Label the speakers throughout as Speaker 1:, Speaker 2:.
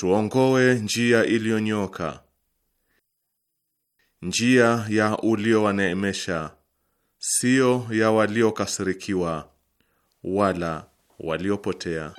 Speaker 1: tuongoe njia iliyonyoka, njia ya uliowaneemesha, sio ya waliokasirikiwa wala waliopotea.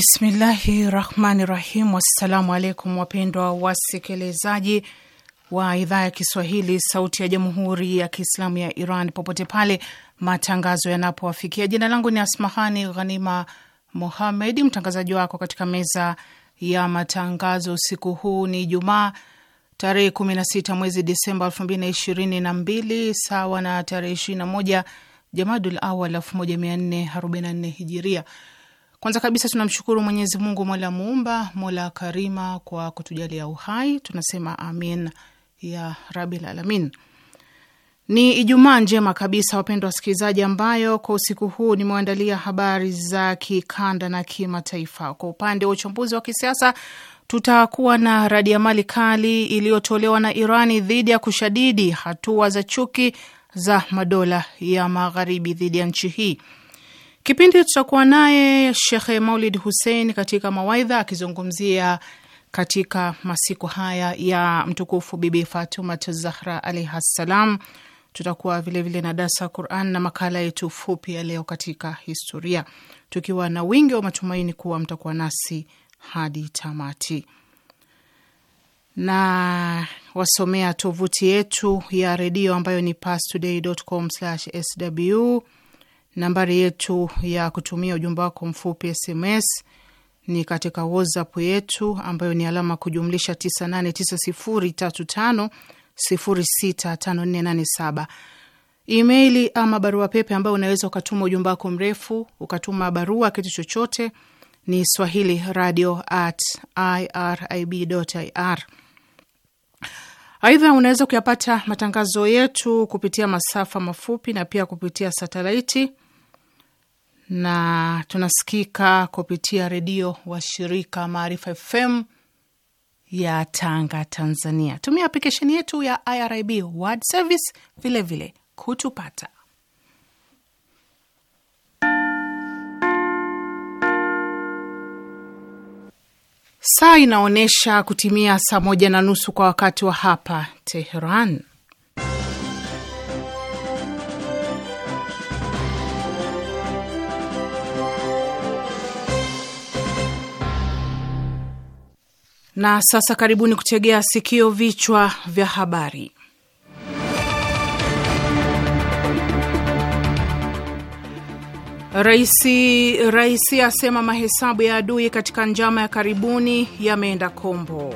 Speaker 2: Bismillahi rahmani rahim. Wassalamu alaikum, wapendwa wasikilizaji wa idhaa ya Kiswahili sauti ya jamhuri ya Kiislamu ya Iran, popote pale matangazo yanapowafikia. Jina langu ni Asmahani Ghanima Mohamed, mtangazaji wako katika meza ya matangazo. Usiku huu ni Jumaa tarehe 16 mwezi Disemba 2022 sawa na tarehe 21 Jamadul Awal 1444 hijiria kwanza kabisa tunamshukuru Mwenyezi Mungu mola muumba mola karima kwa kutujalia uhai, tunasema amin ya rabil alamin. Ni Ijumaa njema kabisa, wapendwa wasikilizaji, ambayo kwa usiku huu nimewandalia habari za kikanda na kimataifa. Kwa upande wa uchambuzi wa kisiasa, tutakuwa na radi mali kali iliyotolewa na Irani dhidi ya kushadidi hatua za chuki za madola ya magharibi dhidi ya nchi hii. Kipindi tutakuwa naye Shekhe Maulid Hussein katika mawaidha akizungumzia katika masiku haya ya mtukufu Bibi fatumat Zahra alaihi ssalam. Tutakuwa vilevile na darsa Quran na makala yetu fupi ya leo katika historia, tukiwa na wingi wa matumaini kuwa mtakuwa nasi hadi tamati. Na wasomea tovuti yetu ya redio ambayo ni pastoday.com/sw Nambari yetu ya kutumia ujumbe wako mfupi SMS ni katika WhatsApp yetu ambayo ni alama kujumlisha 989035065487. Emaili ama barua pepe ambayo unaweza ukatuma ujumbe wako mrefu, ukatuma barua kitu chochote ni swahili radio at irib Aidha, unaweza kuyapata matangazo yetu kupitia masafa mafupi na pia kupitia satelaiti na tunasikika kupitia redio wa shirika Maarifa FM ya Tanga, Tanzania. Tumia aplikesheni yetu ya IRIB World Service vilevile kutupata saa inaonyesha kutimia saa moja na nusu kwa wakati wa hapa Teheran Na sasa karibuni kutegea sikio vichwa vya habari. Raisi, raisi asema mahesabu ya adui katika njama ya karibuni yameenda kombo.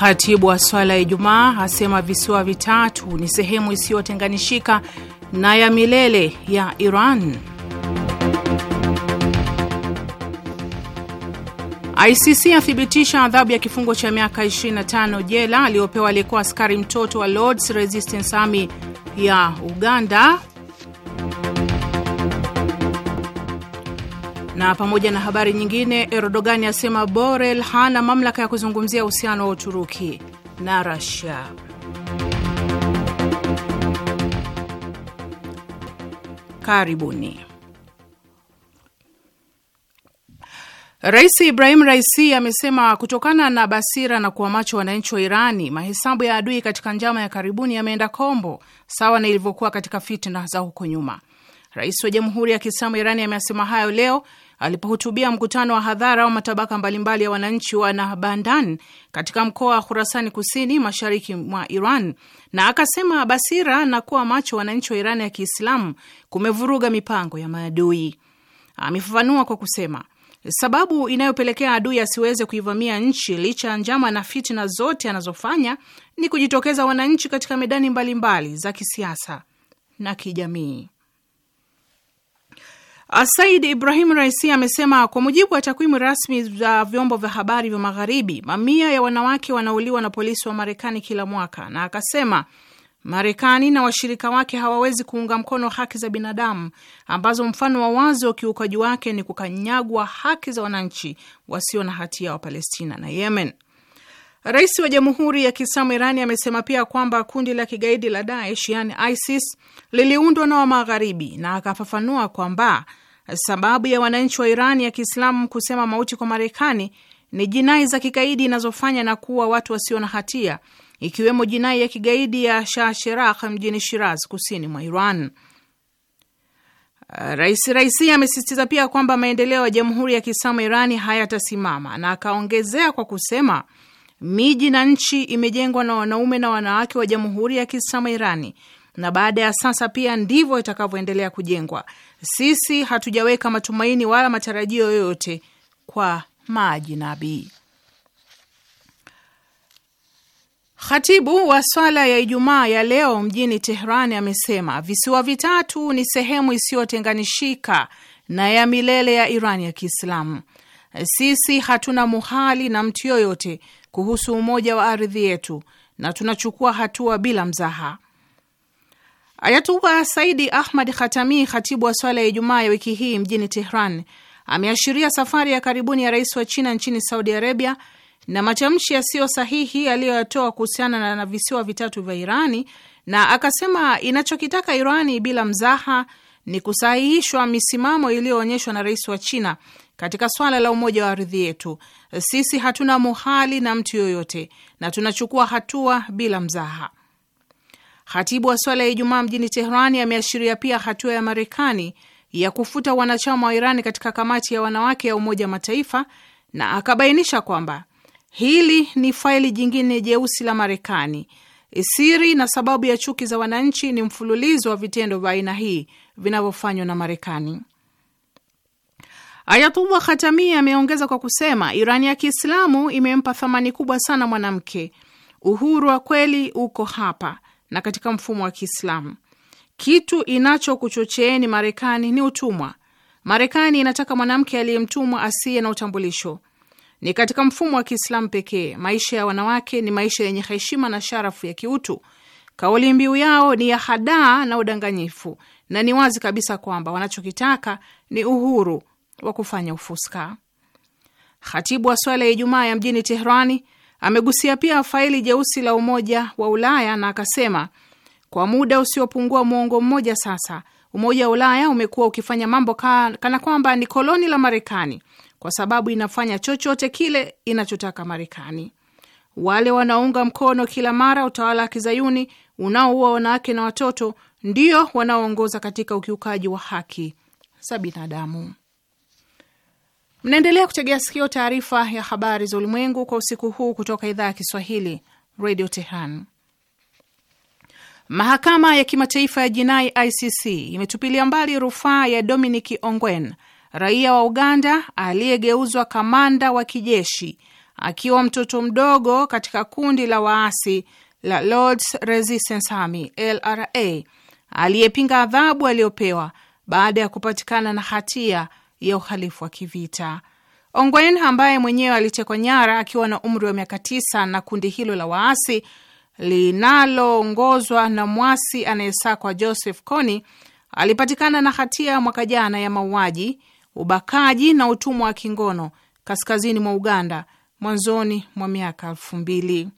Speaker 2: Khatibu wa swala ya Ijumaa asema visiwa vitatu ni sehemu isiyotenganishika na ya milele ya Iran. ICC athibitisha adhabu ya kifungo cha miaka 25 jela aliyopewa aliyekuwa askari mtoto wa Lords Resistance Army ya Uganda. Na pamoja na habari nyingine, Erdogan asema Borel hana mamlaka ya kuzungumzia uhusiano wa Uturuki na Russia. Karibuni. Rais Ibrahim Raisi amesema kutokana na basira na kuwa macho wananchi wa Irani, mahesabu ya adui katika njama ya karibuni yameenda kombo, sawa na ilivyokuwa katika fitna za huko nyuma. Rais wa Jamhuri ya Kiislamu Irani amesema hayo leo alipohutubia mkutano wa hadhara wa matabaka mbalimbali ya wananchi wa Nahbandan katika mkoa wa Khurasani kusini mashariki mwa Iran, na akasema basira na kuwa macho wananchi wa Irani ya Kiislamu kumevuruga mipango ya maadui. Amefafanua kwa kusema Sababu inayopelekea adui asiweze kuivamia nchi licha ya njama na fitina zote anazofanya ni kujitokeza wananchi katika medani mbalimbali mbali za kisiasa na kijamii. Said Ibrahim Raisi amesema kwa mujibu wa takwimu rasmi za vyombo vya habari vya Magharibi, mamia ya wanawake wanauliwa na polisi wa Marekani kila mwaka, na akasema Marekani na washirika wake hawawezi kuunga mkono haki za binadamu ambazo mfano wa wazi wa ukiukaji wake ni kukanyagwa haki za wananchi wasio na hatia wa Palestina na Yemen. Rais wa Jamhuri ya Kiislamu Irani amesema pia kwamba kundi la kigaidi la Daesh yani ISIS liliundwa na wa Magharibi, na akafafanua kwamba sababu ya wananchi wa Irani ya Kiislamu kusema mauti kwa Marekani ni jinai za kigaidi inazofanya na kuwa watu wasio na hatia ikiwemo jinai ya kigaidi ya Shah Cheragh mjini Shiraz, kusini mwa Iran. Uh, Rais Raisi amesisitiza pia kwamba maendeleo ya Jamhuri ya Kiislamu Irani hayatasimama na akaongezea kwa kusema miji na nchi imejengwa na wanaume na wanawake wa Jamhuri ya Kiislamu Irani na baada ya sasa pia ndivyo itakavyoendelea kujengwa. Sisi hatujaweka matumaini wala matarajio yoyote kwa maji maajinabii. Khatibu wa swala ya Ijumaa ya leo mjini Teherani amesema visiwa vitatu ni sehemu isiyotenganishika na ya milele ya Iran ya Kiislamu. Sisi hatuna muhali na mtu yoyote kuhusu umoja wa ardhi yetu na tunachukua hatua bila mzaha. Ayatullah Saidi Ahmad Khatami, khatibu wa swala ya Ijumaa ya wiki hii mjini Tehran, ameashiria safari ya karibuni ya rais wa China nchini Saudi Arabia na matamshi yasiyo sahihi aliyoyatoa kuhusiana na visiwa vitatu vya Irani, na akasema inachokitaka Irani bila mzaha ni kusahihishwa misimamo iliyoonyeshwa na rais wa China katika swala la umoja wa ardhi yetu. Sisi hatuna muhali na mtu yoyote na tunachukua hatua bila mzaha. Khatibu wa swala ya Ijumaa mjini Teherani ameashiria pia hatua ya Marekani ya kufuta wanachama wa Irani katika kamati ya wanawake ya Umoja wa Mataifa na akabainisha kwamba Hili ni faili jingine jeusi la Marekani. E, siri na sababu ya chuki za wananchi ni mfululizo wa vitendo vya aina hii vinavyofanywa na Marekani. Ayatullah Khatami ameongeza kwa kusema, Irani ya Kiislamu imempa thamani kubwa sana mwanamke. Uhuru wa kweli uko hapa na katika mfumo wa Kiislamu. Kitu inachokuchocheeni Marekani ni utumwa. Marekani inataka mwanamke aliyemtumwa asiye na utambulisho. Ni katika mfumo wa Kiislamu pekee maisha ya wanawake ni maisha yenye heshima na sharafu ya kiutu. Kauli mbiu yao ni ya hadaa na udanganyifu, na ni wazi kabisa kwamba wanachokitaka ni uhuru wa kufanya ufuska. Khatibu wa swala ya Ijumaa ya mjini tehrani amegusia pia faili jeusi la Umoja wa Ulaya na akasema, kwa muda usiopungua mwongo mmoja sasa, Umoja wa Ulaya umekuwa ukifanya mambo kana kwamba ni koloni la Marekani kwa sababu inafanya chochote kile inachotaka Marekani. Wale wanaounga mkono kila mara utawala wa kizayuni unaoua wanawake na watoto ndio wanaoongoza katika ukiukaji wa haki za binadamu. Mnaendelea kutegea sikio taarifa ya habari za ulimwengu kwa usiku huu kutoka idhaa ya Kiswahili, Radio Tehran. Mahakama ya kimataifa ya jinai ICC imetupilia mbali rufaa ya Dominic Ongwen raia wa Uganda aliyegeuzwa kamanda wa kijeshi akiwa mtoto mdogo katika kundi la waasi la Lords Resistance Army LRA, aliyepinga adhabu aliyopewa baada ya kupatikana na hatia ya uhalifu wa kivita. Ongwen ambaye mwenyewe alitekwa nyara akiwa na umri wa miaka tisa na kundi hilo la waasi linaloongozwa na mwasi anayesakwa Joseph Kony alipatikana na hatia mwaka jana ya mauaji, ubakaji na utumwa wa kingono kaskazini mwa Uganda mwanzoni mwa miaka elfu mbili.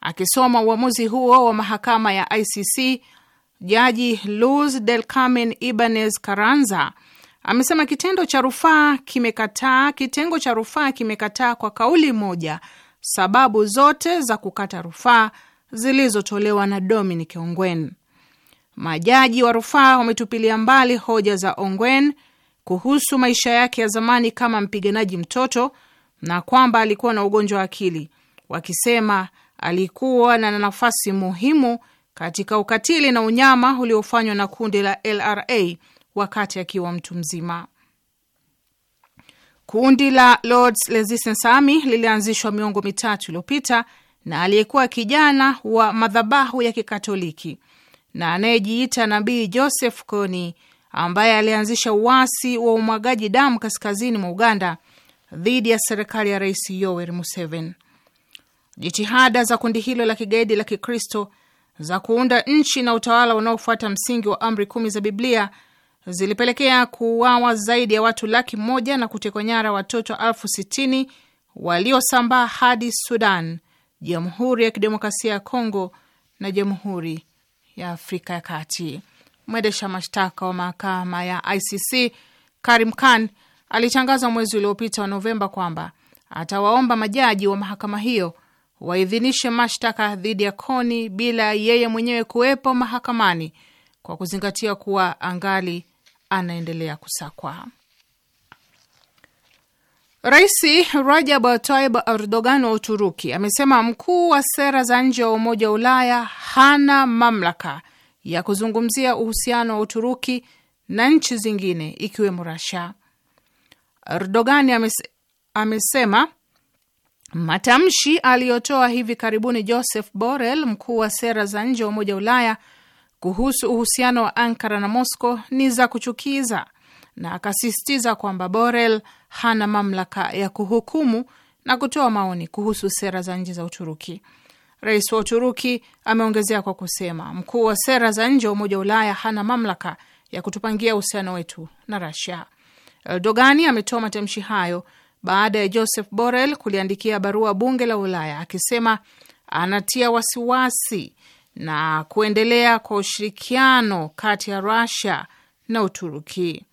Speaker 2: Akisoma uamuzi huo wa mahakama ya ICC, jaji Luz Del Carmen Ibanez karanza amesema kitendo cha rufaa kimekataa, kitengo cha rufaa kimekataa kwa kauli moja sababu zote za kukata rufaa zilizotolewa na Dominic Ongwen. Majaji wa rufaa wametupilia mbali hoja za Ongwen kuhusu maisha yake ya zamani kama mpiganaji mtoto na kwamba alikuwa na ugonjwa wa akili, wakisema alikuwa na nafasi muhimu katika ukatili na unyama uliofanywa na kundi la LRA wakati akiwa mtu mzima. Kundi la Lords Resistance Army lilianzishwa miongo mitatu iliyopita na aliyekuwa kijana wa madhabahu ya Kikatoliki na anayejiita Nabii Joseph Kony ambaye alianzisha uasi wa umwagaji damu kaskazini mwa Uganda dhidi ya serikali ya Rais Yoweri Museveni. Jitihada za kundi hilo la kigaidi la Kikristo za kuunda nchi na utawala unaofuata msingi wa amri kumi za Biblia zilipelekea kuuawa zaidi ya watu laki moja na kutekwa nyara watoto elfu sitini waliosambaa hadi Sudan, Jamhuri ya Kidemokrasia ya Kongo na Jamhuri ya Afrika ya Kati mwendesha mashtaka wa mahakama ya ICC Karim Khan alitangaza mwezi uliopita wa Novemba kwamba atawaomba majaji wa mahakama hiyo waidhinishe mashtaka dhidi ya Koni bila yeye mwenyewe kuwepo mahakamani kwa kuzingatia kuwa angali anaendelea kusakwa. Rais Rajab Tayyip Erdogan wa Uturuki amesema mkuu wa sera za nje wa Umoja wa Ulaya hana mamlaka ya kuzungumzia uhusiano wa Uturuki na nchi zingine ikiwemo rasha Erdogan amese, amesema matamshi aliyotoa hivi karibuni Joseph Borrell, mkuu wa sera za nje wa Umoja wa Ulaya, kuhusu uhusiano wa Ankara na Moscow ni za kuchukiza, na akasisitiza kwamba Borrell hana mamlaka ya kuhukumu na kutoa maoni kuhusu sera za nje za Uturuki. Rais wa Uturuki ameongezea kwa kusema mkuu wa sera za nje wa Umoja wa Ulaya hana mamlaka ya kutupangia uhusiano wetu na Rasia. Erdogani ametoa matamshi hayo baada ya Joseph Borrell kuliandikia barua bunge la Ulaya akisema anatia wasiwasi na kuendelea kwa ushirikiano kati ya Rusia na Uturuki.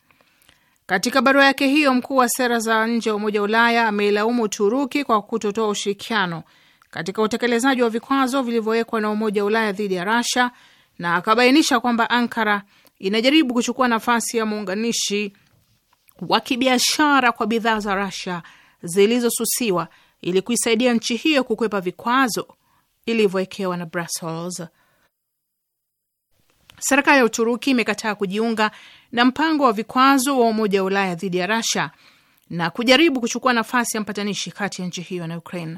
Speaker 2: Katika barua yake hiyo, mkuu wa sera za nje wa Umoja wa Ulaya ameilaumu Uturuki kwa kutotoa ushirikiano katika utekelezaji wa vikwazo vilivyowekwa na Umoja wa Ulaya dhidi ya Rasha na akabainisha kwamba Ankara inajaribu kuchukua nafasi ya muunganishi wa kibiashara kwa bidhaa za Rasha zilizosusiwa ili kuisaidia nchi hiyo kukwepa vikwazo ilivyowekewa na Brussels. Serikali ya Uturuki imekataa kujiunga na mpango wa vikwazo wa Umoja wa Ulaya dhidi ya Rasha na kujaribu kuchukua nafasi ya mpatanishi kati ya nchi hiyo na Ukraine.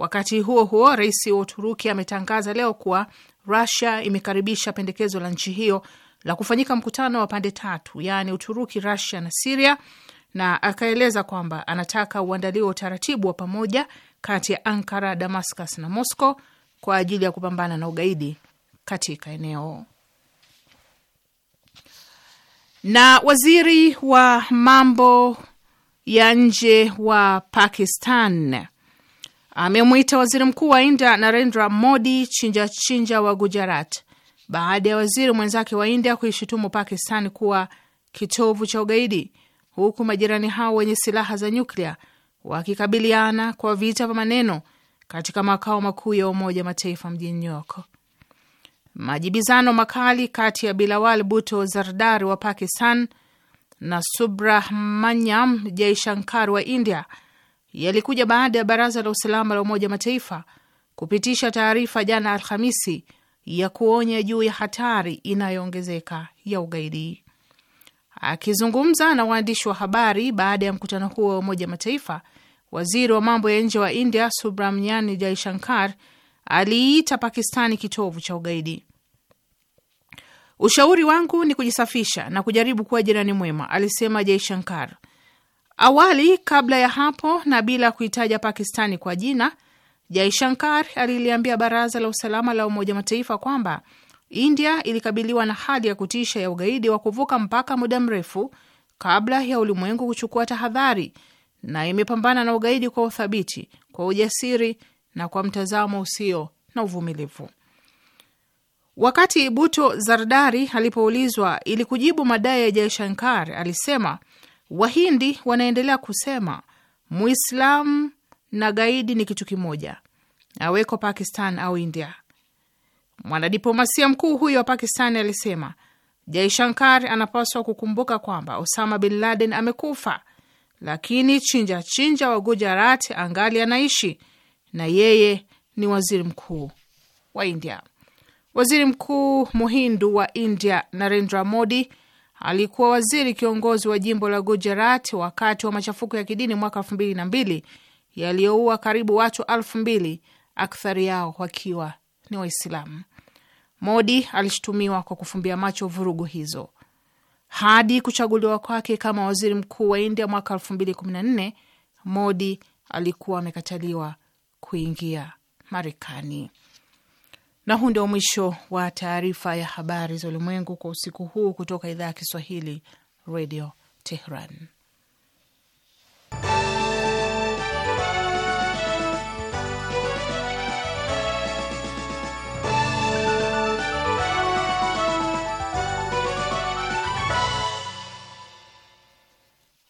Speaker 2: Wakati huo huo, rais wa Uturuki ametangaza leo kuwa Rusia imekaribisha pendekezo la nchi hiyo la kufanyika mkutano wa pande tatu, yaani Uturuki, Rusia na Siria, na akaeleza kwamba anataka uandaliwe utaratibu wa pamoja kati ya Ankara, Damascus na Moscow kwa ajili ya kupambana na ugaidi katika eneo. Na waziri wa mambo ya nje wa Pakistan amemwita waziri mkuu wa India Narendra Modi chinjachinja wa Gujarat baada ya waziri mwenzake wa India kuishutumu Pakistan kuwa kitovu cha ugaidi, huku majirani hao wenye silaha za nyuklia wakikabiliana kwa vita vya maneno katika makao makuu ya Umoja Mataifa mjini New York. Majibizano makali kati ya Bilawal buto Zardari wa Pakistan na Subrahmanyam Jaishankar wa India yalikuja baada ya baraza la usalama la Umoja Mataifa kupitisha taarifa jana Alhamisi ya kuonya juu ya hatari inayoongezeka ya ugaidi. Akizungumza na waandishi wa habari baada ya mkutano huo wa Umoja Mataifa, waziri wa mambo ya nje wa India Subramanyani Jaishankar aliita Pakistani kitovu cha ugaidi. Ushauri wangu ni kujisafisha na kujaribu kuwa jirani mwema, alisema Jaishankar, Awali kabla ya hapo na bila kuitaja Pakistani kwa jina, Jaishankar aliliambia baraza la usalama la Umoja Mataifa kwamba India ilikabiliwa na hali ya kutisha ya ugaidi wa kuvuka mpaka muda mrefu kabla ya ulimwengu kuchukua tahadhari, na imepambana na ugaidi kwa uthabiti, kwa ujasiri na kwa mtazamo usio na uvumilivu. Wakati Buto Zardari alipoulizwa ili kujibu madai ya Jaishankar, alisema Wahindi wanaendelea kusema Muislamu na gaidi ni kitu kimoja, aweko Pakistan au India. Mwanadiplomasia mkuu huyo wa Pakistani alisema Jaishankar anapaswa kukumbuka kwamba Osama bin Laden amekufa, lakini chinja chinja wa Gujarat angali anaishi na yeye ni waziri mkuu wa India. Waziri Mkuu Muhindu wa India Narendra Modi alikuwa waziri kiongozi wa jimbo la Gujarat wakati wa machafuko ya kidini mwaka elfu mbili na mbili yaliyoua karibu watu elfu mbili akthari yao wakiwa ni Waislamu. Modi alishutumiwa kwa kufumbia macho vurugu hizo hadi kuchaguliwa kwake kama waziri mkuu wa India mwaka elfu mbili kumi na nne. Modi alikuwa amekataliwa kuingia Marekani. Na huu ndio mwisho wa taarifa ya habari za ulimwengu kwa usiku huu kutoka idhaa ya Kiswahili, Radio Tehran.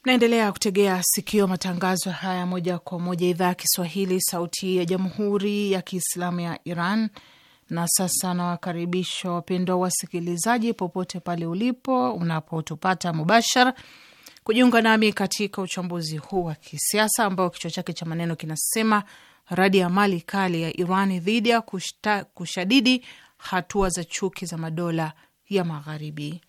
Speaker 2: Naendelea kutegea sikio matangazo haya moja kwa moja idhaa ya Kiswahili, sauti ya jamhuri ya kiislamu ya Iran na sasa nawakaribisha wapendwa wasikilizaji, popote pale ulipo unapotupata mubashara, kujiunga nami katika uchambuzi huu wa kisiasa ambao kichwa chake cha maneno kinasema radi ya mali kali ya Iran dhidi ya kushadidi hatua za chuki za madola ya Magharibi.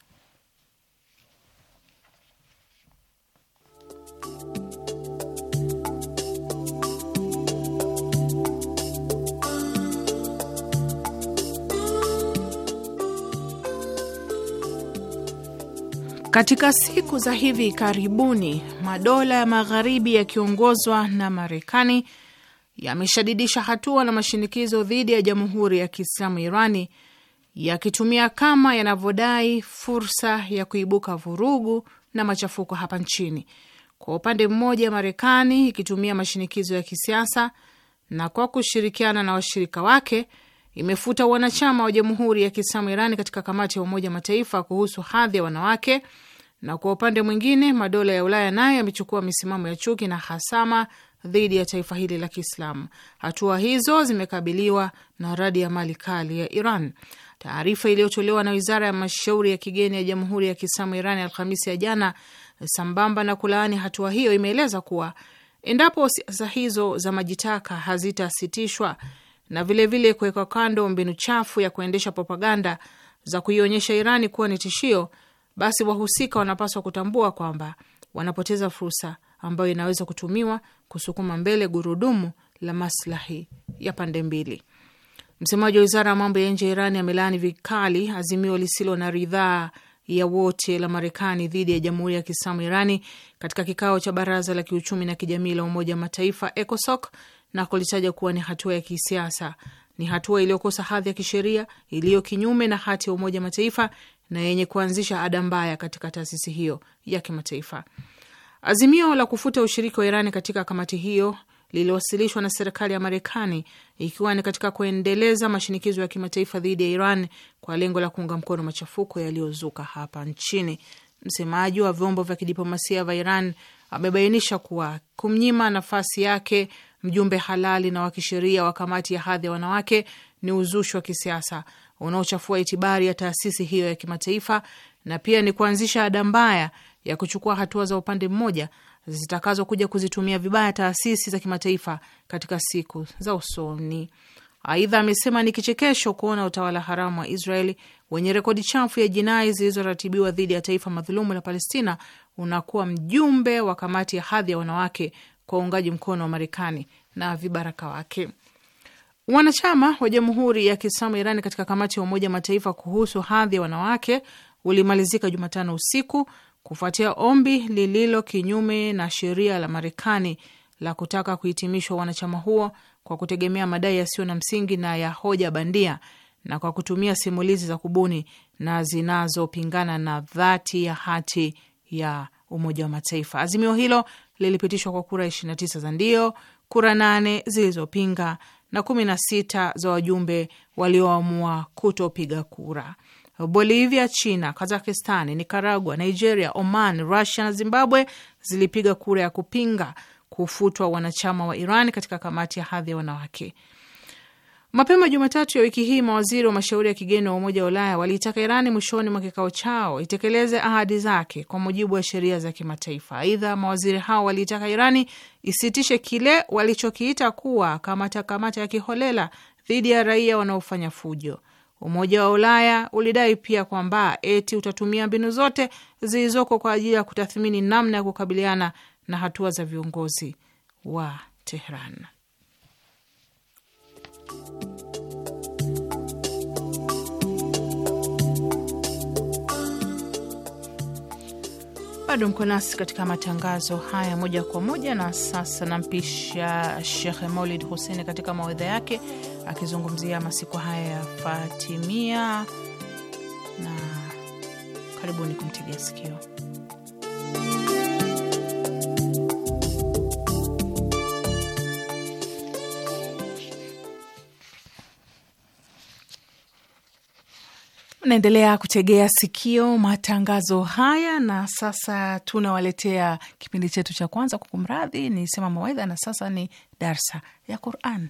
Speaker 2: Katika siku za hivi karibuni, madola ya magharibi yakiongozwa na Marekani yameshadidisha hatua na mashinikizo dhidi ya Jamhuri ya Kiislamu Irani yakitumia kama yanavyodai fursa ya kuibuka vurugu na machafuko hapa nchini. Kwa upande mmoja, Marekani ikitumia mashinikizo ya kisiasa na kwa kushirikiana na washirika wake imefuta wanachama wa Jamhuri ya Kiislamu Irani katika kamati ya Umoja Mataifa kuhusu hadhi ya wanawake, na kwa upande mwingine madola ya Ulaya nayo yamechukua misimamo ya chuki na hasama dhidi ya taifa hili la Kiislamu. Hatua hizo zimekabiliwa na radi ya mali kali ya Iran. Taarifa iliyotolewa na wizara ya mashauri ya kigeni ya Jamhuri ya Kiislamu Iran Alhamisi ya jana, sambamba na kulaani hatua hiyo, imeeleza kuwa endapo siasa hizo za majitaka hazitasitishwa na vilevile kuwekwa kando mbinu chafu ya kuendesha propaganda za kuionyesha Irani kuwa ni tishio, basi wahusika wanapaswa kutambua kwamba wanapoteza fursa ambayo inaweza kutumiwa kusukuma mbele gurudumu la maslahi ya pande mbili. Msemaji wa wizara ya mambo ya nje ya Irani amelaani vikali azimio lisilo na ridhaa ya wote la Marekani dhidi ya jamhuri ya Kiislamu Irani katika kikao cha baraza la kiuchumi na kijamii la Umoja wa Mataifa, ECOSOC na kulitaja kuwa ni hatua ya kisiasa, ni hatua iliyokosa hadhi ya kisheria, iliyo kinyume na hati ya Umoja Mataifa na yenye kuanzisha ada mbaya katika taasisi hiyo ya kimataifa. Azimio la kufuta ushiriki wa Irani katika kamati hiyo liliwasilishwa na serikali ya Marekani ikiwa ni katika kuendeleza mashinikizo ya kimataifa dhidi ya Iran kwa lengo la kuunga mkono machafuko yaliyozuka hapa nchini. Msemaji wa vyombo vya kidiplomasia vya Iran amebainisha kuwa kumnyima nafasi yake mjumbe halali na wa kisheria wa kamati ya hadhi ya wanawake ni uzushi wa kisiasa unaochafua itibari ya taasisi hiyo ya kimataifa na pia ni kuanzisha ada mbaya ya kuchukua hatua za upande mmoja zitakazokuja kuzitumia vibaya taasisi za kimataifa katika siku za usoni. Aidha, amesema ni kichekesho kuona utawala haramu wa Israeli wenye rekodi chafu ya jinai zilizoratibiwa dhidi ya taifa madhulumu la Palestina unakuwa mjumbe wa kamati ya hadhi ya wanawake kwa uungaji mkono wa Marekani na vibaraka wake. Wanachama wa Jamhuri ya Kiislamu iran katika kamati ya Umoja Mataifa kuhusu hadhi ya wanawake ulimalizika Jumatano usiku kufuatia ombi lililo kinyume na sheria la Marekani la kutaka kuhitimishwa wanachama huo kwa kutegemea madai yasiyo na msingi na ya hoja bandia na kwa kutumia simulizi za kubuni na zinazopingana na dhati ya hati ya Umoja wa Mataifa. Azimio hilo lilipitishwa kwa kura 29 za ndio, kura nane zilizopinga na kumi na sita za wajumbe walioamua kutopiga kura. Bolivia, China, Kazakistan, Nicaragua, Nigeria, Oman, Russia na Zimbabwe zilipiga kura ya kupinga kufutwa wanachama wa Iran katika kamati ya hadhi ya wanawake. Mapema Jumatatu ya wiki hii mawaziri wa mashauri ya kigeni wa Umoja wa Ulaya waliitaka Irani mwishoni mwa kikao chao itekeleze ahadi zake kwa mujibu wa sheria za kimataifa. Aidha, mawaziri hao waliitaka Irani isitishe kile walichokiita kuwa kamata kamata ya kiholela dhidi ya raia wanaofanya fujo. Umoja wa Ulaya ulidai pia kwamba eti utatumia mbinu zote zilizoko kwa ajili ya kutathmini namna ya kukabiliana na hatua za viongozi wa Tehran. Bado mko nasi katika matangazo haya moja kwa moja, na sasa nampisha Shekhe Maulid Hussein katika mawaidha yake akizungumzia masiku haya ya Fatimia, na karibuni kumtegea sikio. Naendelea kutegea sikio matangazo haya, na sasa tunawaletea kipindi chetu cha kwanza. Kukumradhi, ni sema mawaidha, na sasa ni darsa ya Quran.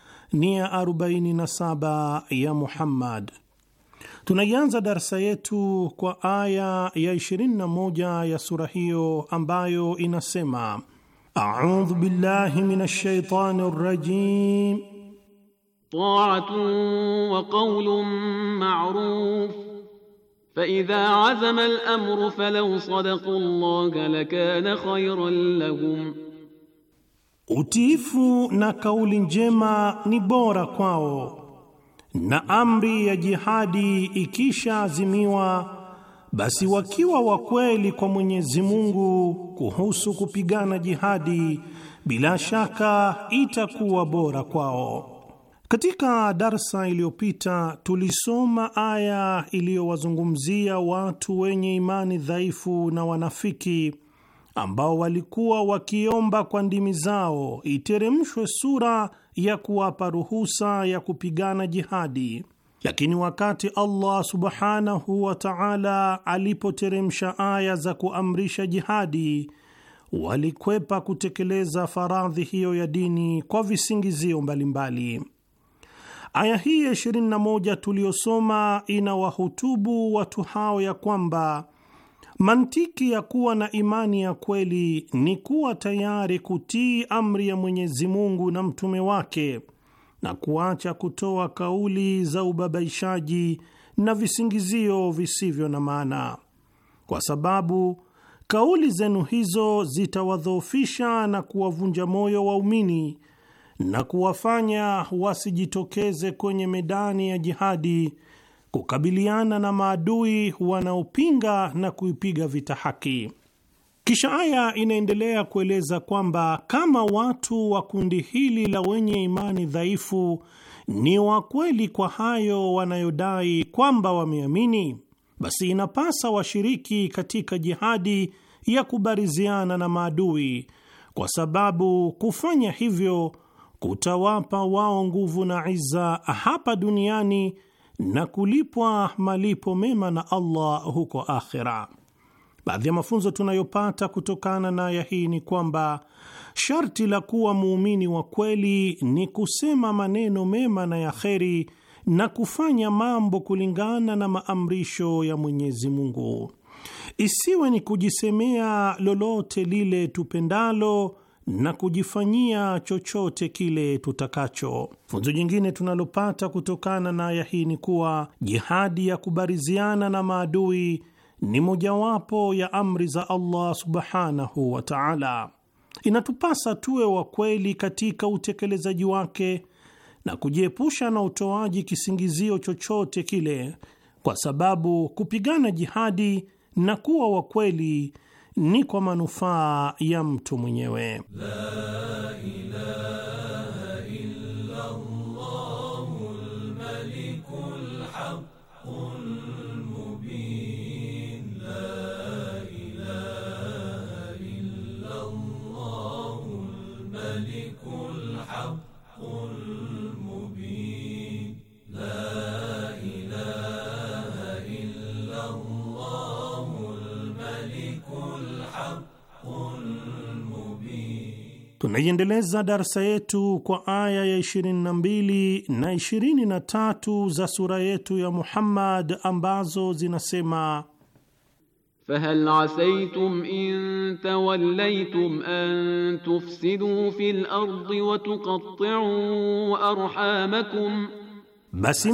Speaker 3: nia arobaini na saba ya Muhammad. Tunaianza darsa yetu kwa aya ya 21 ya sura hiyo ambayo inasema: audhu billahi minash shaitani rajim
Speaker 4: taatun wa qawlun ma'ruf faidha azama al-amru falaw sadaqa Allah lakana khayran lahum
Speaker 3: Utiifu na kauli njema ni bora kwao, na amri ya jihadi ikishaazimiwa, basi wakiwa wa kweli kwa Mwenyezi Mungu kuhusu kupigana jihadi, bila shaka itakuwa bora kwao. Katika darsa iliyopita tulisoma aya iliyowazungumzia watu wenye imani dhaifu na wanafiki ambao walikuwa wakiomba kwa ndimi zao iteremshwe sura ya kuwapa ruhusa ya kupigana jihadi. Lakini wakati Allah subhanahu wa ta'ala alipoteremsha aya za kuamrisha jihadi, walikwepa kutekeleza faradhi hiyo ya dini kwa visingizio mbalimbali. Aya hii ya 21 tuliyosoma inawahutubu watu hao ya kwamba Mantiki ya kuwa na imani ya kweli ni kuwa tayari kutii amri ya Mwenyezi Mungu na mtume wake na kuacha kutoa kauli za ubabaishaji na visingizio visivyo na maana, kwa sababu kauli zenu hizo zitawadhoofisha na kuwavunja moyo waumini na kuwafanya wasijitokeze kwenye medani ya jihadi kukabiliana na maadui wanaopinga na kuipiga vita haki. Kisha aya inaendelea kueleza kwamba kama watu wa kundi hili la wenye imani dhaifu ni wakweli kwa hayo wanayodai kwamba wameamini, basi inapasa washiriki katika jihadi ya kubariziana na maadui, kwa sababu kufanya hivyo kutawapa wao nguvu na iza hapa duniani na kulipwa malipo mema na Allah huko akhira. Baadhi ya mafunzo tunayopata kutokana na aya hii ni kwamba sharti la kuwa muumini wa kweli ni kusema maneno mema na ya kheri na kufanya mambo kulingana na maamrisho ya Mwenyezi Mungu. Isiwe ni kujisemea lolote lile tupendalo na kujifanyia chochote kile tutakacho. Funzo jingine tunalopata kutokana na aya hii ni kuwa jihadi ya kubariziana na maadui ni mojawapo ya amri za Allah subhanahu wa ta'ala. Inatupasa tuwe wa kweli katika utekelezaji wake na kujiepusha na utoaji kisingizio chochote kile, kwa sababu kupigana jihadi na kuwa wa kweli ni kwa manufaa ya mtu mwenyewe la ilaha Tunaiendeleza darsa yetu kwa aya ya 22 na 23 za sura yetu ya Muhammad ambazo zinasema
Speaker 5: Fahal asaytum in tawallaytum an
Speaker 4: tufsidu fil ardi wa tuqatti'u arhamakum,
Speaker 3: basi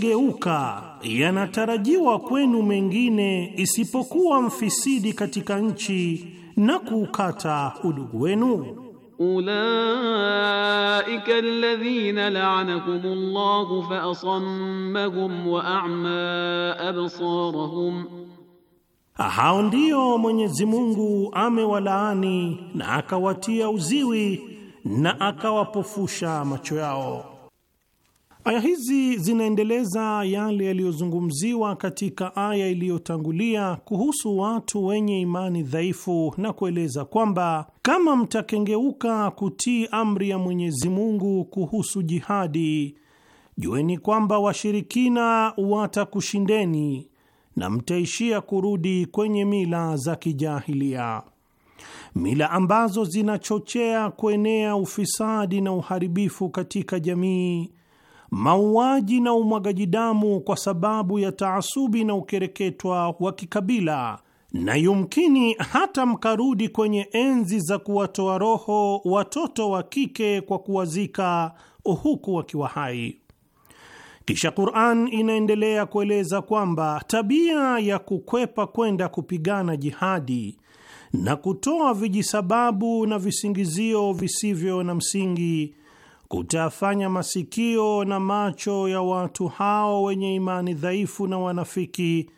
Speaker 3: geuka yanatarajiwa kwenu mengine isipokuwa mfisidi katika nchi na kuukata udugu wenu.
Speaker 4: Ulaika alladhina la'anahumullahu fa asammahum wa a'ma absarahum,
Speaker 3: hao ndio Mwenyezi Mungu amewalaani na akawatia uziwi na akawapofusha macho yao. Aya hizi zinaendeleza yale yaliyozungumziwa katika aya iliyotangulia kuhusu watu wenye imani dhaifu na kueleza kwamba kama mtakengeuka kutii amri ya Mwenyezi Mungu kuhusu jihadi, jueni kwamba washirikina watakushindeni na mtaishia kurudi kwenye mila za kijahilia, mila ambazo zinachochea kuenea ufisadi na uharibifu katika jamii mauaji na umwagaji damu kwa sababu ya taasubi na ukereketwa wa kikabila, na yumkini hata mkarudi kwenye enzi za kuwatoa roho watoto wa kike kwa kuwazika huku wakiwa hai. Kisha Qur'an inaendelea kueleza kwamba tabia ya kukwepa kwenda kupigana jihadi na kutoa vijisababu na visingizio visivyo na msingi kutafanya masikio na macho ya watu hao wenye imani dhaifu na wanafiki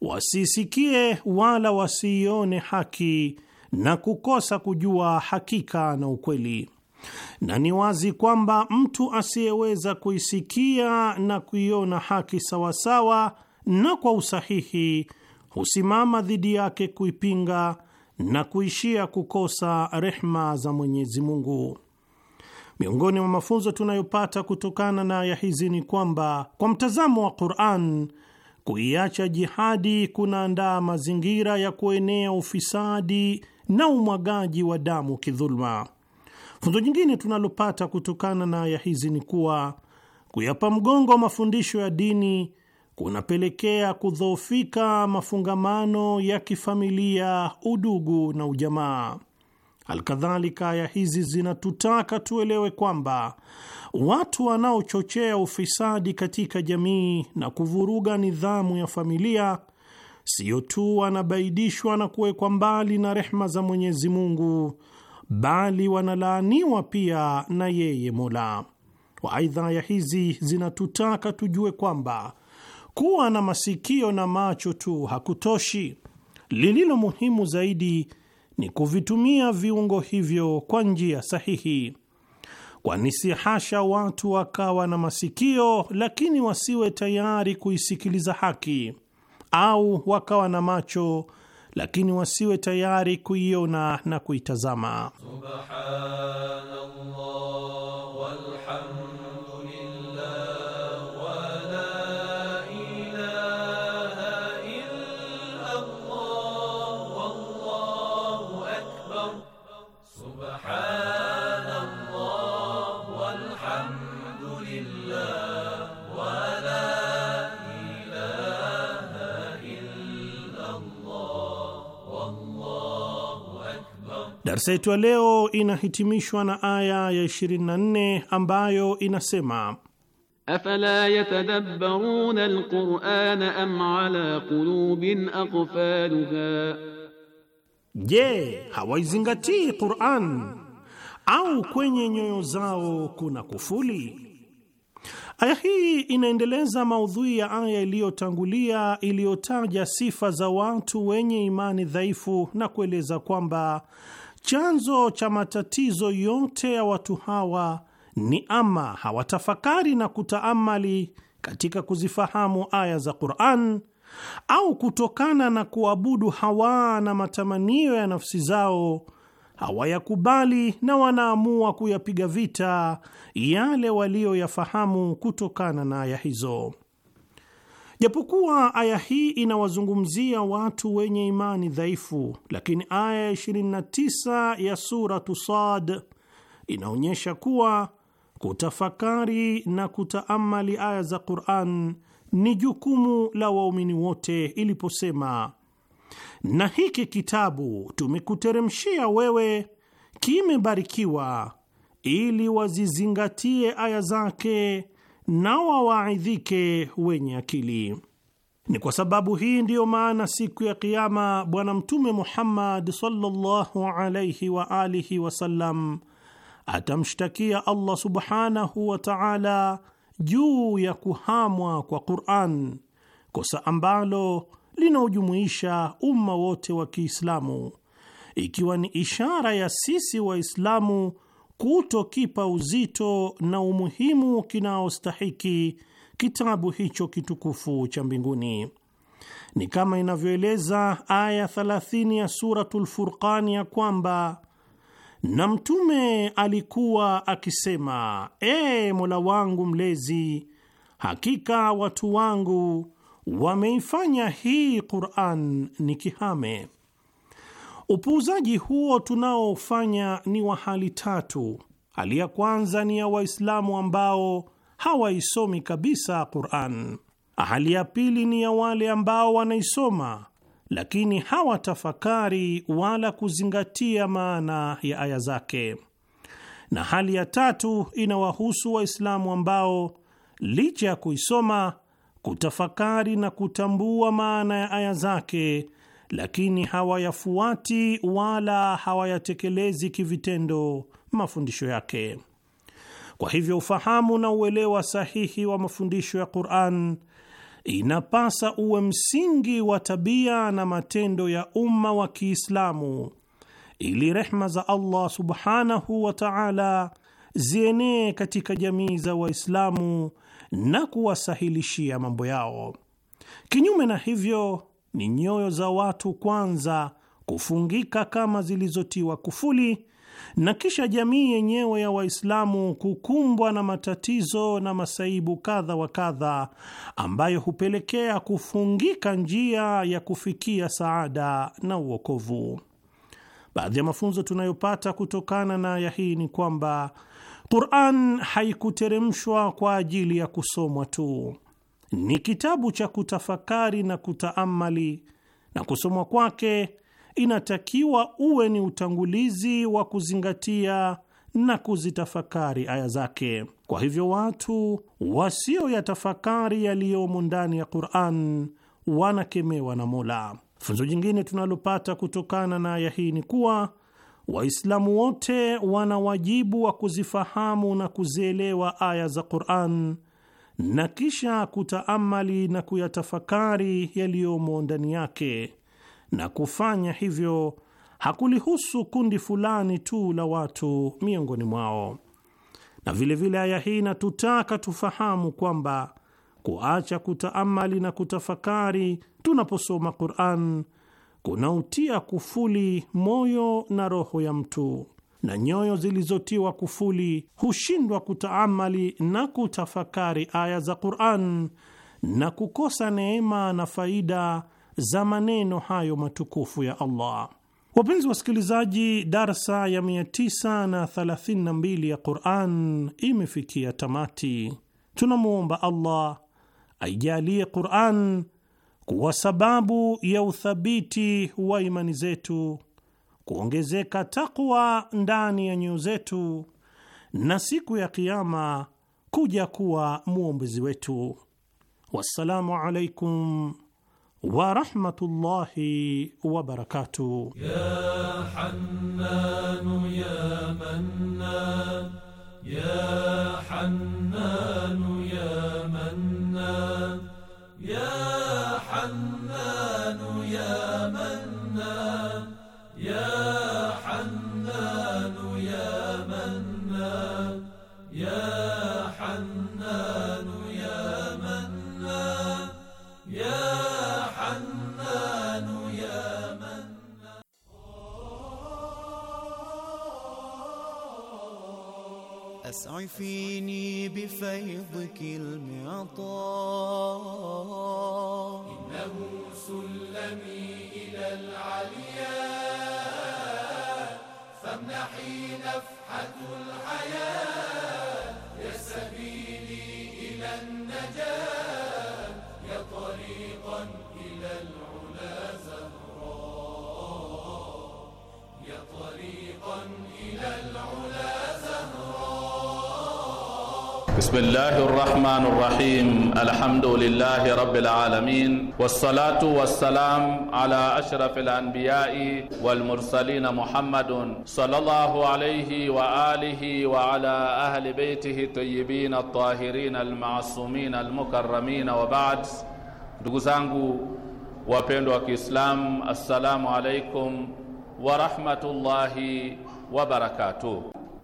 Speaker 3: wasisikie wala wasiione haki na kukosa kujua hakika na ukweli. Na ni wazi kwamba mtu asiyeweza kuisikia na kuiona haki sawasawa na kwa usahihi husimama dhidi yake kuipinga na kuishia kukosa rehma za Mwenyezi Mungu. Miongoni mwa mafunzo tunayopata kutokana na aya hizi ni kwamba kwa mtazamo wa Qur'an, kuiacha jihadi kunaandaa mazingira ya kuenea ufisadi na umwagaji wa damu kidhuluma. Funzo jingine tunalopata kutokana na aya hizi ni kuwa kuyapa mgongo mafundisho ya dini kunapelekea kudhoofika mafungamano ya kifamilia, udugu na ujamaa. Alkadhalika, aya hizi zinatutaka tuelewe kwamba watu wanaochochea ufisadi katika jamii na kuvuruga nidhamu ya familia sio tu wanabaidishwa na kuwekwa mbali na rehma za Mwenyezi Mungu, bali wanalaaniwa pia na yeye Mola. Waaidha, aya hizi zinatutaka tujue kwamba kuwa na masikio na macho tu hakutoshi. Lililo muhimu zaidi ni kuvitumia viungo hivyo kwa njia sahihi, kwani si hasha watu wakawa na masikio lakini wasiwe tayari kuisikiliza haki, au wakawa na macho lakini wasiwe tayari kuiona na kuitazama. Subhanallah. Darsa yetu ya leo inahitimishwa na aya ya 24 ambayo inasema
Speaker 4: afala yatadabbaruna alqur'ana am ala qulubin aqfalha,
Speaker 3: je, hawaizingatii Qur'an au kwenye nyoyo zao kuna kufuli? Aya hii inaendeleza maudhui ya aya iliyotangulia iliyotaja sifa za watu wenye imani dhaifu na kueleza kwamba Chanzo cha matatizo yote ya watu hawa ni ama hawatafakari na kutaamali katika kuzifahamu aya za Qur'an au kutokana na kuabudu hawa na matamanio ya nafsi zao hawayakubali na wanaamua kuyapiga vita yale waliyoyafahamu kutokana na aya hizo. Japokuwa aya hii inawazungumzia watu wenye imani dhaifu, lakini aya 29 ya suratu Sad inaonyesha kuwa kutafakari na kutaamali aya za Qur'an ni jukumu la waumini wote iliposema, na hiki kitabu tumekuteremshia wewe kimebarikiwa, ili wazizingatie aya zake na wawaidhike wenye akili. Ni kwa sababu hii ndiyo maana siku ya Kiama Bwana Mtume Muhammad sallallahu alaihi wa alihi wasallam atamshtakia Allah subhanahu wa taala juu ya kuhamwa kwa Quran, kosa ambalo linaojumuisha umma wote wa Kiislamu, ikiwa ni ishara ya sisi Waislamu kutokipa uzito na umuhimu kinaostahiki kitabu hicho kitukufu cha mbinguni. Ni kama inavyoeleza aya 30 ya Suratul Furqani ya kwamba na Mtume alikuwa akisema, E Mola wangu Mlezi, hakika watu wangu wameifanya hii Quran ni kihame. Upuuzaji huo tunaofanya ni wa hali tatu. Hali ya kwanza ni ya Waislamu ambao hawaisomi kabisa Qur'an. Hali ya pili ni ya wale ambao wanaisoma lakini hawatafakari wala kuzingatia maana ya aya zake, na hali ya tatu inawahusu Waislamu ambao licha ya kuisoma, kutafakari na kutambua maana ya aya zake lakini hawayafuati wala hawayatekelezi kivitendo mafundisho yake. Kwa hivyo, ufahamu na uelewa sahihi wa mafundisho ya Qur'an inapasa uwe msingi wa tabia na matendo ya umma wa Kiislamu ili rehma za Allah subhanahu wa ta'ala zienee katika jamii za Waislamu na kuwasahilishia mambo yao. Kinyume na hivyo ni nyoyo za watu kwanza kufungika kama zilizotiwa kufuli na kisha jamii yenyewe ya Waislamu kukumbwa na matatizo na masaibu kadha wa kadha ambayo hupelekea kufungika njia ya kufikia saada na uokovu. Baadhi ya mafunzo tunayopata kutokana na aya hii ni kwamba Qur'an haikuteremshwa kwa ajili ya kusomwa tu ni kitabu cha kutafakari na kutaamali, na kusomwa kwake inatakiwa uwe ni utangulizi wa kuzingatia na kuzitafakari aya zake. Kwa hivyo watu wasio yatafakari yaliyomo ndani ya Qur'an wanakemewa na Mola. Funzo jingine tunalopata kutokana na aya hii ni kuwa Waislamu wote wana wajibu wa kuzifahamu na kuzielewa aya za Qur'an na kisha kutaamali na kuyatafakari yaliyomo ndani yake, na kufanya hivyo hakulihusu kundi fulani tu la watu miongoni mwao. Na vilevile aya hii inatutaka tufahamu kwamba kuacha kutaamali na kutafakari tunaposoma Qur'an kunautia kufuli moyo na roho ya mtu na nyoyo zilizotiwa kufuli hushindwa kutaamali na kutafakari aya za Qur'an na kukosa neema na faida za maneno hayo matukufu ya Allah. Wapenzi wasikilizaji, darsa ya 932 ya Qur'an imefikia tamati. Tunamwomba Allah aijalie Qur'an kuwa sababu ya uthabiti wa imani zetu kuongezeka takwa ndani ya nyoyo zetu na siku ya Kiama kuja kuwa mwombezi wetu. Wassalamu alaikum warahmatullahi wabarakatuh.
Speaker 5: بسم الله الرحمن الرحيم الحمد لله رب العالمين والصلاة والسلام على أشرف الأنبياء والمرسلين محمد صلى الله عليه وآله وعلى أهل بيته الطيبين الطاهرين المعصومين المكرمين وبعد دقزانقو وبيندو wa Kiislamu, assalamu alaikum wa rahmatullahi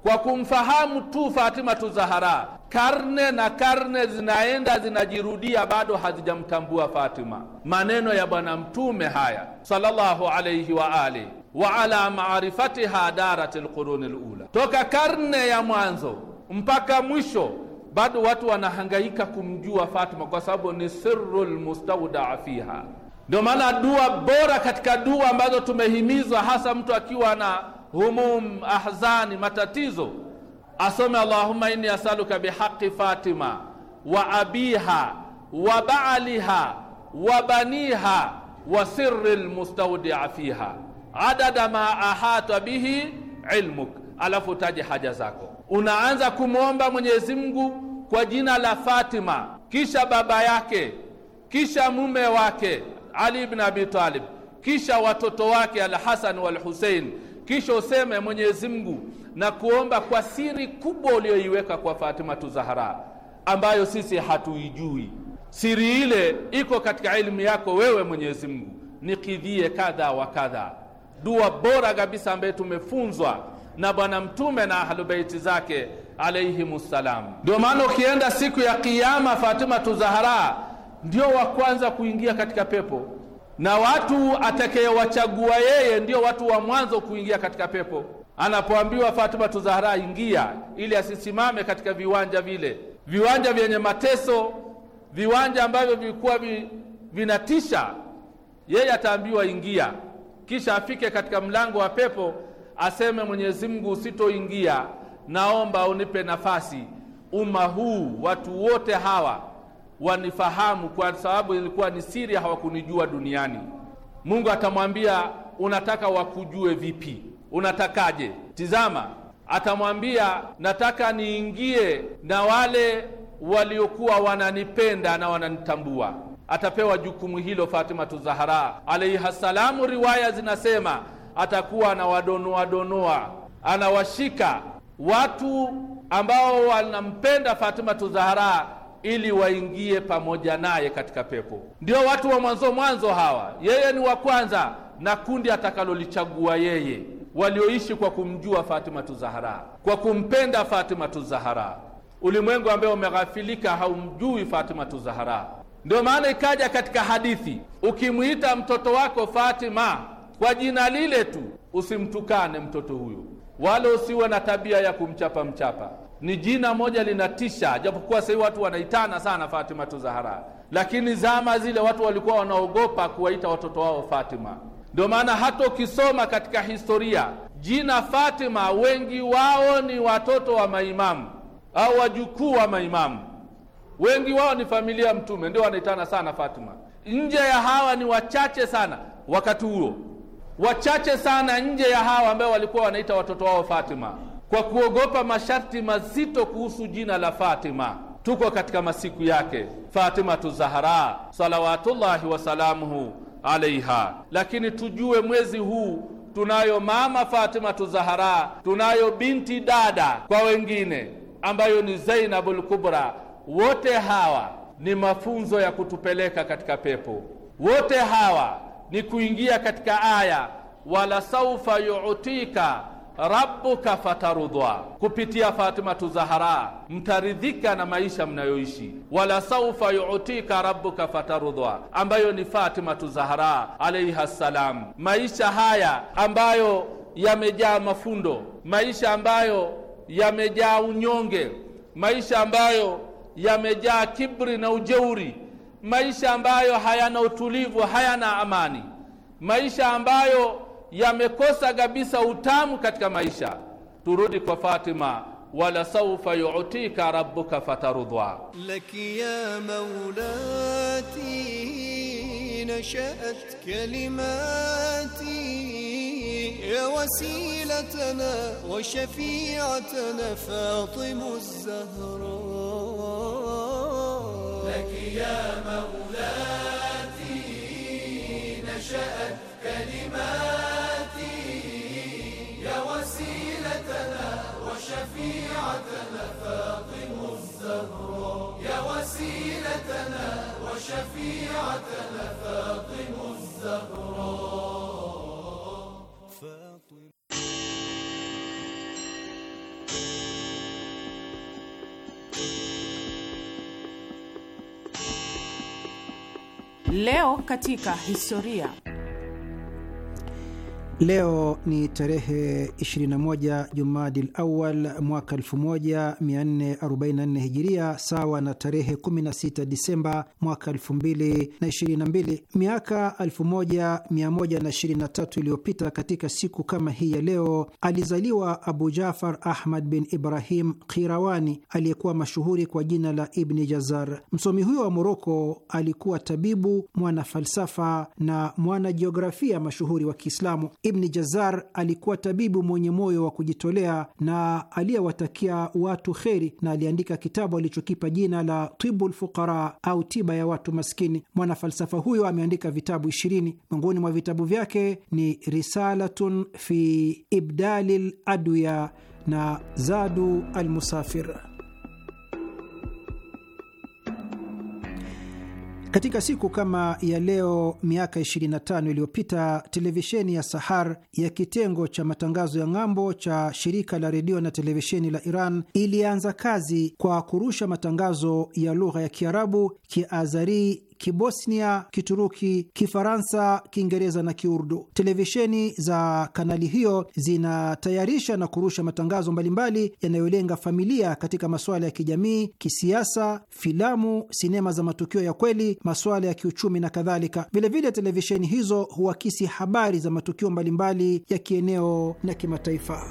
Speaker 5: kwa kumfahamu tu fatima Zahara. Karne na karne zinaenda zinajirudia, bado hazijamtambua Fatima. Maneno ya Bwana Mtume haya sallallahu alayhi wa alihi wa ala marifatiha darat lquruni lula toka karne ya mwanzo mpaka mwisho, bado watu wanahangaika kumjua Fatima kwa sababu ni siru lmustaudaa fiha. Ndio maana dua bora katika dua ambazo tumehimizwa, hasa mtu akiwa na humum, ahzani, matatizo, asome Allahumma inni asaluka bihaqi Fatima wa abiha wa baaliha wa baniha wa sirri lmustaudia fiha adada ma ahata bihi ilmuk, alafu utaje haja zako. Unaanza kumwomba Mwenyezi Mungu kwa jina la Fatima, kisha baba yake, kisha mume wake Ali ibn Abi Talib, kisha watoto wake Alhasan walhusein kisha useme Mwenyezi Mungu na kuomba kwa siri kubwa uliyoiweka kwa Fatima Tuzahara ambayo sisi hatuijui. Siri ile iko katika elimu yako wewe Mwenyezi Mungu, nikidhie kadha wa kadha. Dua bora kabisa ambaye tumefunzwa na Bwana Mtume na Ahlubeiti zake ssalam Ndio maana ukienda siku ya Kiyama, Fatima Tuzahara ndio wa kwanza kuingia katika pepo na watu atakayewachagua yeye ndio watu wa mwanzo kuingia katika pepo. Anapoambiwa Fatuma Tuzahara, ingia, ili asisimame katika viwanja vile, viwanja vyenye mateso, viwanja ambavyo vilikuwa vi, vinatisha. Yeye ataambiwa ingia, kisha afike katika mlango wa pepo, aseme Mwenyezi Mungu, usitoingia, naomba unipe nafasi. Umma huu watu wote hawa wanifahamu, kwa sababu ilikuwa ni siri, hawakunijua duniani. Mungu atamwambia unataka wakujue vipi? Unatakaje? Tizama, atamwambia nataka niingie na wale waliokuwa wananipenda na wananitambua. Atapewa jukumu hilo fatima tuzahara alaiha salamu. Riwaya zinasema atakuwa anawadonoa donoa, anawashika watu ambao wanampenda fatima Zahara ili waingie pamoja naye katika pepo. Ndio watu wa mwanzo mwanzo hawa, yeye ni wa kwanza na kundi atakalolichagua yeye, walioishi kwa kumjua Fatima Tuzahara, kwa kumpenda Fatima Tuzahara. Ulimwengu ambaye umeghafilika haumjui Fatima Tuzahara. Ndio maana ikaja katika hadithi, ukimwita mtoto wako Fatima kwa jina lile tu, usimtukane mtoto huyo, wala usiwe na tabia ya kumchapa mchapa ni jina moja linatisha, japokuwa sahii watu wanaitana sana fatima tu Zahara, lakini zama zile watu walikuwa wanaogopa kuwaita watoto wao Fatima. Ndio maana hata ukisoma katika historia jina Fatima, wengi wao ni watoto wa maimamu au wajukuu wa maimamu, wengi wao ni familia Mtume, ndio wanaitana sana Fatima. Nje ya hawa ni wachache sana, wakati huo wachache sana, nje ya hawa ambao walikuwa wanaita watoto wao Fatima kwa kuogopa masharti mazito kuhusu jina la Fatima. Tuko katika masiku yake Fatimatu Zahra salawatullahi wasalamuhu alaiha, lakini tujue mwezi huu tunayo mama Fatimatu Zahra, tunayo binti dada kwa wengine ambayo ni Zainabul Kubra. Wote hawa ni mafunzo ya kutupeleka katika pepo, wote hawa ni kuingia katika aya wala saufa yuutika rabbuka fatarudhwa, kupitia fatima Zahara mtaridhika na maisha mnayoishi. Wala saufa yutika rabbuka fatarudhwa, ambayo ni fatima Zahara alaiha ssalam. Maisha haya ambayo yamejaa mafundo, maisha ambayo yamejaa unyonge, maisha ambayo yamejaa kibri na ujeuri, maisha ambayo hayana utulivu, hayana amani, maisha ambayo yamekosa kabisa utamu katika maisha turudi kwa Fatima wala saufa yu'tika rabbuka fatarudwa
Speaker 6: laki ya maulati nashat kalimati ya wasilatana wa shafi'atana fatimu zahra laki ya maulati nashat kalimati شفيعتنا فاطم الزهراء يا وسيلتنا وشفيعتنا فاطم الزهراء فاطم
Speaker 2: Leo katika historia.
Speaker 7: Leo ni tarehe 21 Jumadil Awal mwaka 1444 Hijiria, sawa na tarehe 16 Disemba mwaka 2022. Miaka 1123 iliyopita, katika siku kama hii ya leo, alizaliwa Abu Jafar Ahmad bin Ibrahim qirawani aliyekuwa mashuhuri kwa jina la Ibni Jazar. Msomi huyo wa Moroko alikuwa tabibu, mwana falsafa na mwana jiografia mashuhuri wa Kiislamu. Ibni Jazar alikuwa tabibu mwenye moyo wa kujitolea na aliyewatakia watu kheri, na aliandika kitabu alichokipa jina la Tibu Lfuqara au tiba ya watu maskini. Mwanafalsafa huyo ameandika vitabu ishirini. Miongoni mwa vitabu vyake ni Risalatun fi Ibdalil Adwiya na Zadu Almusafir. Katika siku kama ya leo miaka 25 iliyopita televisheni ya Sahar ya kitengo cha matangazo ya ng'ambo cha shirika la redio na televisheni la Iran ilianza kazi kwa kurusha matangazo ya lugha ya Kiarabu, Kiazari, Kibosnia, Kituruki, Kifaransa, Kiingereza na Kiurdu. Televisheni za kanali hiyo zinatayarisha na kurusha matangazo mbalimbali yanayolenga familia katika masuala ya kijamii, kisiasa, filamu, sinema za matukio ya kweli, masuala ya kiuchumi na kadhalika. Vilevile televisheni hizo huakisi habari za matukio mbalimbali ya kieneo na kimataifa.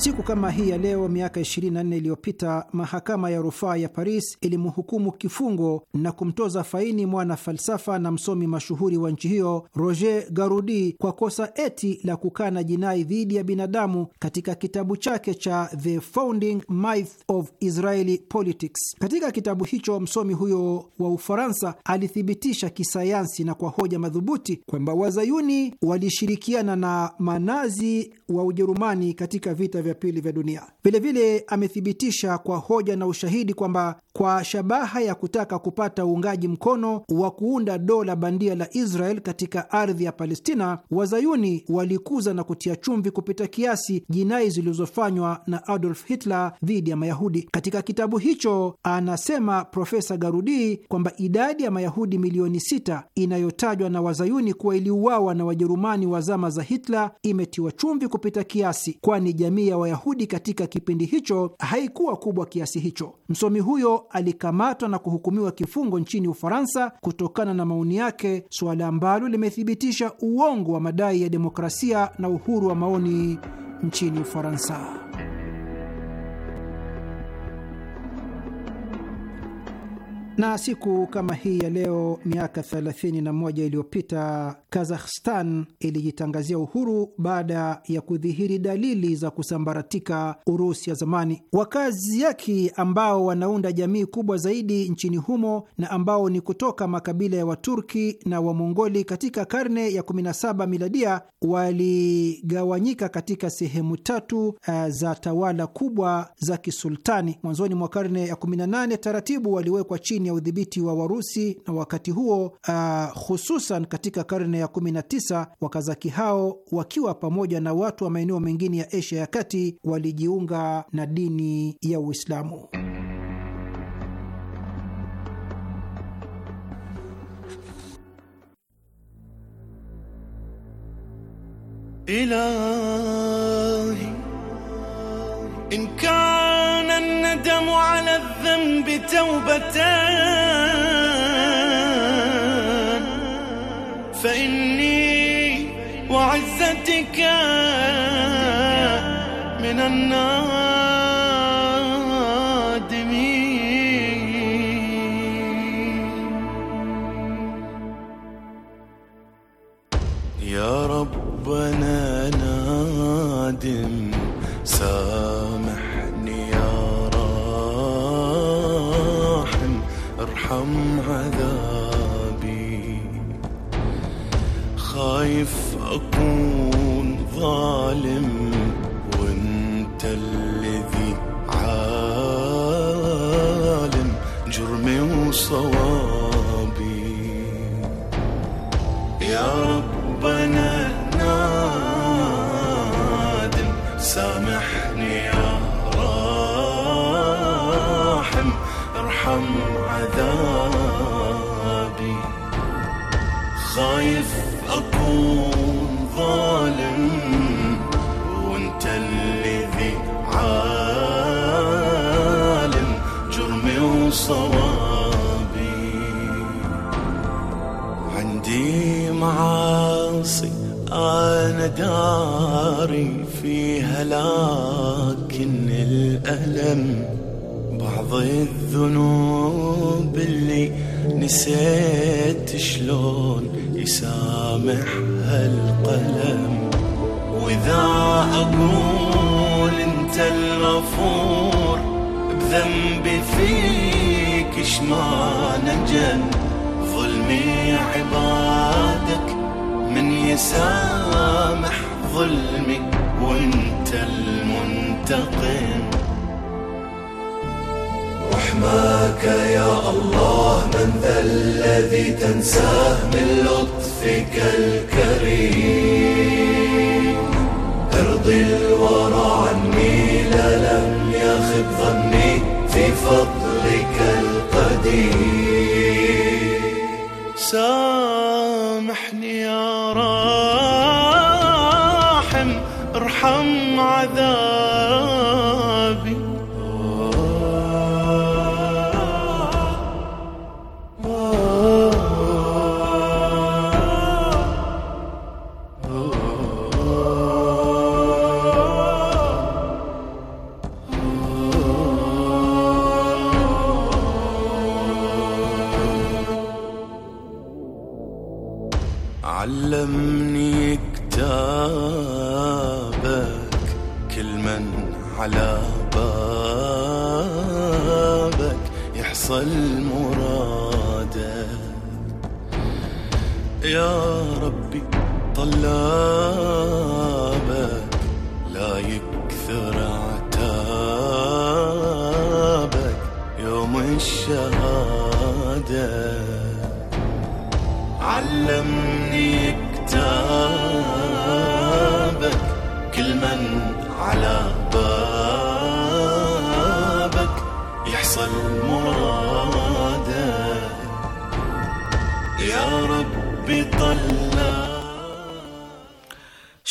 Speaker 7: Siku kama hii ya leo miaka 24 iliyopita mahakama ya rufaa ya Paris ilimhukumu kifungo na kumtoza faini mwana falsafa na msomi mashuhuri wa nchi hiyo Roger Garudi kwa kosa eti la kukana jinai dhidi ya binadamu katika kitabu chake cha The Founding Myth of Israeli Politics. Katika kitabu hicho, msomi huyo wa Ufaransa alithibitisha kisayansi na kwa hoja madhubuti kwamba wazayuni walishirikiana na manazi wa Ujerumani katika vita vya vya pili vya dunia. Vilevile amethibitisha kwa hoja na ushahidi kwamba kwa shabaha ya kutaka kupata uungaji mkono wa kuunda dola bandia la Israel katika ardhi ya Palestina, wazayuni walikuza na kutia chumvi kupita kiasi jinai zilizofanywa na Adolf Hitler dhidi ya Mayahudi. Katika kitabu hicho anasema Profesa Garudi kwamba idadi ya Mayahudi milioni sita inayotajwa na wazayuni kuwa iliuawa na Wajerumani wa zama za Hitler imetiwa chumvi kupita kiasi, kwani jamii ya Wayahudi katika kipindi hicho haikuwa kubwa kiasi hicho. Msomi huyo alikamatwa na kuhukumiwa kifungo nchini Ufaransa kutokana na maoni yake, suala ambalo limethibitisha uongo wa madai ya demokrasia na uhuru wa maoni nchini Ufaransa. Na siku kama hii ya leo miaka 31 iliyopita Kazakhstan ilijitangazia uhuru baada ya kudhihiri dalili za kusambaratika Urusi ya zamani. Wakazi yake ambao wanaunda jamii kubwa zaidi nchini humo na ambao ni kutoka makabila ya Waturki na Wamongoli katika karne ya 17 miladia waligawanyika katika sehemu tatu uh, za tawala kubwa za kisultani. Mwanzoni mwa karne ya 18 taratibu waliwekwa chini ya udhibiti wa Warusi, na wakati huo uh, hususan katika karne ya 19 Wakazaki hao wakiwa pamoja na watu wa maeneo mengine ya Asia ya kati walijiunga na dini ya Uislamu.
Speaker 8: Ilahi
Speaker 4: إن كان الندم على الذنب توبتان فإني وعزتك من النار aku الله من ذا الذي تنساه من لطفك الكريم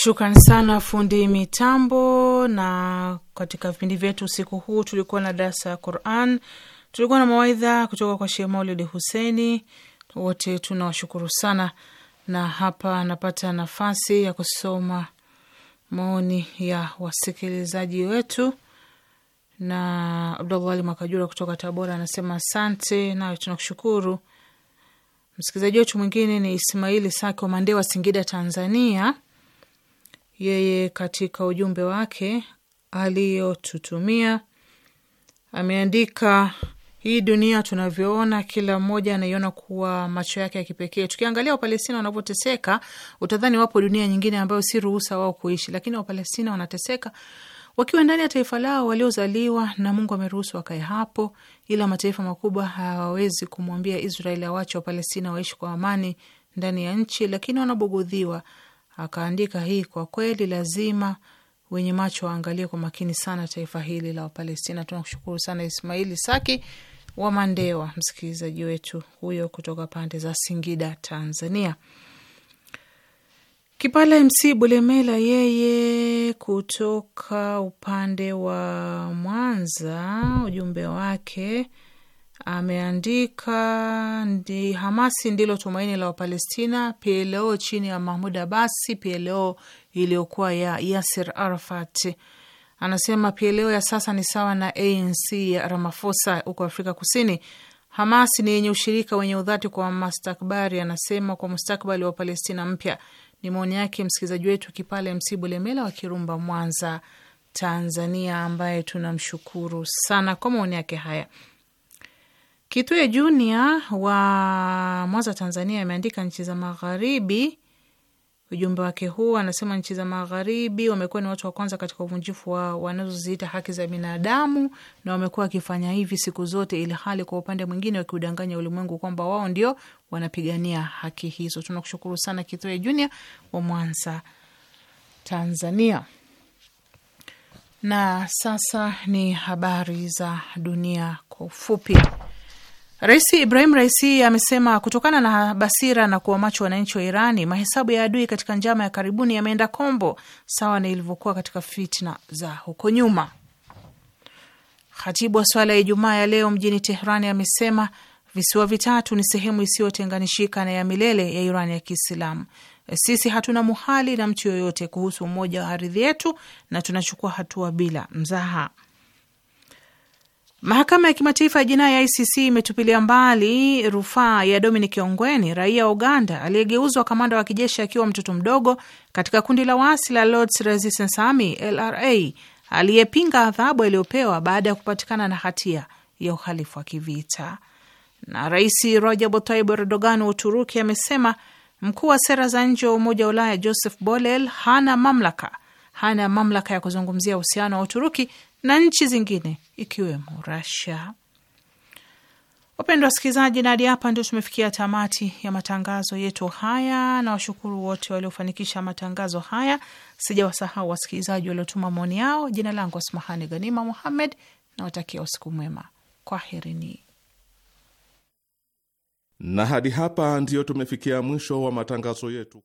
Speaker 2: Shukran sana fundi mitambo. Na katika vipindi vyetu usiku huu tulikuwa na darasa ya Quran, tulikuwa na mawaidha kutoka kwa Sheikh Maulidi Huseni. Wote tunawashukuru sana, na hapa napata nafasi ya kusoma maoni ya wasikilizaji wetu, na Abdullah Ali Mwakajura kutoka Tabora anasema asante, nayo tunakushukuru. Msikilizaji wetu mwingine ni Ismaili Sako Mandewa, Singida, Tanzania yeye katika ujumbe wake aliyotutumia ameandika hii dunia tunavyoona, kila mmoja anaiona kuwa macho yake ya kipekee. Tukiangalia Wapalestina wanavyoteseka, utadhani wapo dunia nyingine ambayo si ruhusa wao kuishi, lakini Wapalestina wanateseka wakiwa ndani ya taifa lao waliozaliwa, na Mungu ameruhusu wakae hapo, ila mataifa makubwa hawawezi kumwambia Israeli awache Wapalestina waishi kwa amani ndani ya nchi, lakini wanabugudhiwa akaandika hii, kwa kweli lazima wenye macho waangalie kwa makini sana taifa hili la Wapalestina. Tunakushukuru sana Ismaili Saki wa Mandewa, msikilizaji wetu huyo kutoka pande za Singida, Tanzania. Kipala MC Bulemela yeye kutoka upande wa Mwanza, ujumbe wake ameandika ndi Hamasi ndilo tumaini la Wapalestina, PLO chini ya Mahmud Abasi, PLO iliyokuwa ya Yasir Arafat. Anasema PLO ya sasa ni sawa na ANC ya ramafosa huko Afrika Kusini. Hamas ni yenye ushirika wenye udhati kwa mastakbari, anasema kwa mustakbali wa Palestina mpya. Ni maoni yake msikilizaji wetu Kipale Msibu Lemela wa Kirumba, Mwanza, Tanzania, ambaye tunamshukuru sana kwa maoni yake haya kitwe Junior wa Mwanza, Tanzania, ameandika nchi za magharibi. Ujumbe wake huu anasema nchi za magharibi wamekuwa ni watu wa kwanza katika uvunjifu wa wanazoziita haki za binadamu, na wamekuwa wakifanya hivi siku zote, ili hali kwa upande mwingine wakiudanganya ulimwengu kwamba wao ndio wanapigania haki hizo. Tunakushukuru sana Kitue Junior wa Mwanza, Tanzania. Na sasa ni habari za dunia kwa ufupi. Rais Ibrahim Raisi amesema kutokana na basira na kuwa macho wananchi wa Irani, mahesabu ya adui katika njama ya karibuni yameenda kombo, sawa na ilivyokuwa katika fitna za huko nyuma. Khatibu wa swala ya Ijumaa ya leo mjini Tehrani amesema visiwa vitatu ni sehemu isiyotenganishika na ya milele ya Irani ya Kiislamu. Sisi hatuna muhali na mtu yoyote kuhusu umoja wa ardhi yetu na tunachukua hatua bila mzaha. Mahakama ya kimataifa ya jinai ya ICC imetupilia mbali rufaa ya Dominic ongweni raia wa Uganda aliyegeuzwa kamanda wa kijeshi akiwa mtoto mdogo katika kundi la waasi la Lords Resistance Army LRA, aliyepinga adhabu aliyopewa baada ya kupatikana na hatia ya uhalifu wa kivita. Na Rais Recep Tayyip Erdogan wa Uturuki amesema mkuu wa sera za nje wa Umoja wa Ulaya Joseph Borrell hana mamlaka hana mamlaka ya kuzungumzia uhusiano wa Uturuki na nchi zingine ikiwemo Rasia. Wapendwa wasikilizaji, na hadi hapa ndio tumefikia tamati ya matangazo yetu haya, na washukuru wote waliofanikisha matangazo haya. Sijawasahau wasikilizaji waliotuma maoni yao. Jina langu Asmahani Ghanima Muhammed, nawatakia usiku mwema, kwaherini.
Speaker 1: Na hadi hapa ndiyo tumefikia mwisho wa matangazo yetu.